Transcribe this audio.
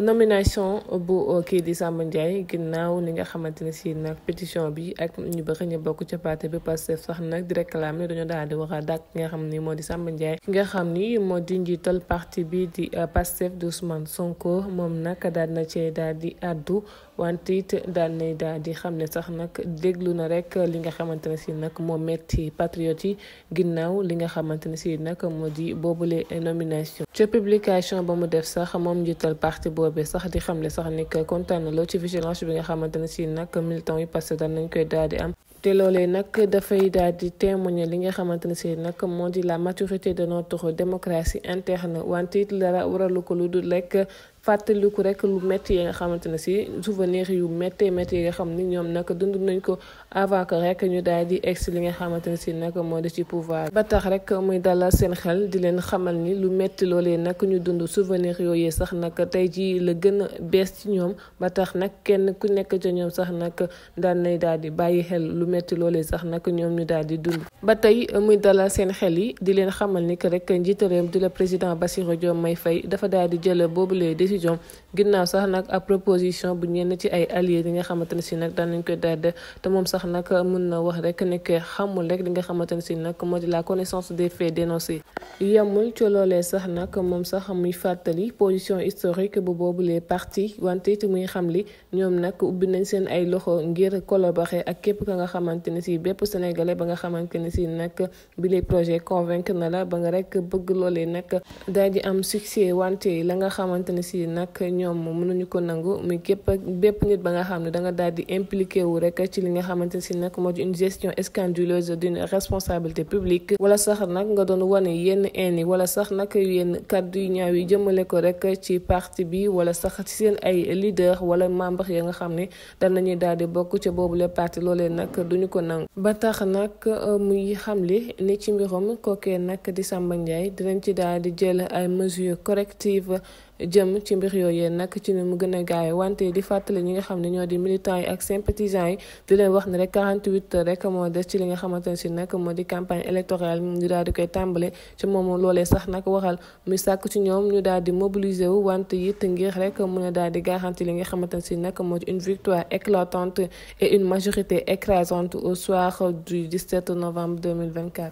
nomination bu euh, kii di Samba Ndiaye ginnaaw li nga xamante ne si nag pétition bi ak ñu bëri bokk ca parti bi Pastef sax nag di réclamer dañoo daal di wax a dàq nga xam ni moo di Samba ki nga xam ni moo di njiital parti bi di euh, Pastef di Ousmane Sonko moom nag daal na cee daal di addu wante it daal nay daal di xam ne sax nag déglu na rek li nga xamante ne si nag moo metti patriote yi ginnaaw li nga xamante ne si nag moo di boobule nomination ca publication ba mu def sax moom njiital parti boobu boobee sax di xamle sax ni que kontaan lool ci vigilance bi nga xamante ne si nag militant yi passé daan koy daal am. te loolee nag dafay daal di li nga xamante ne si moo di la maturité de notre démocratie interne wante it dara waralu ko lu dul rek fàttaliku rek lu métti yi nga xamante ne si souvenirs yu méttee métti yi nga xam ni ñoom nag dund nañ ko avant que rek ñu daal di egg li nga xamante ne si nag moo di ci pouvoir ba tax rek muy dalal seen xel di leen xamal ni lu métti loolee nag ñu dund souvenirs yooyee sax nag tey jii la gën a bees ci ñoom ba tax nag kenn ku nekk ca ñoom sax nag daan nay daal di bàyyi xel lu métti loolee sax nag ñoom ñu daal di dund. ba tey muy dalal seen xel yi di leen xamal ni que rek njiitareem di la président Bassirou Diomaye Faye dafa daal di jël boobu décision ginnaaw sax nag ab proposition bu ñenn ci ay alliés yi nga xamante ne si nag daan nañ koy dalde te moom sax nag mën na wax rek ne que xamul rek li nga xamante ne si nag moo di la connaissance des faits dénoncés. yemul ci loolee sax nag moom sax muy fàttali position historique bu boobu les partis wante it ba nga xamante ne si nag na la ba nga rek bëgg loolee nag daal di am succès wante la nga xamante si. yi nag ñoom mënuñu ko nangu mu képp bépp nit ba nga xam ne da nga daal di impliqué wu rek ci li nga xamante si nag moo di une gestion scandaleuse d'une responsabilité publique wala sax nag nga doon wane yenn haine wala sax nag yenn kàddu yu ñaaw yi jëmale ko rek ci parti bi wala sax ci seen ay leader wala membre ya nga xam ne dal nañuy daal di bokk ca boobu boobule parti loolee nag duñu ko nangu ba tax nag euh, muy li ni ci mbirum kookee nag di Samba Ndiaye dinañ ci daal di jël ay mesures correctives jëmm ci mbir yooyee nag ci ne mu gën a gaawe wante di fàttali ñi nga xam ne ñoo di militants yi ak sympathisants yi di leen wax ne rek 48 heures rek moo des ci li nga xamante ne si nag moo di campagne électorale ñu daal di koy tàmbale ci moom loolee sax nag waxal muy sàkk ci ñoom ñu daal di mobiliser wu wante it ngir rek mën a daal di garanti li nga xamante ne si nag moo di une victoire éclatante et une majorité écrasante au soir du 17 novembre 2024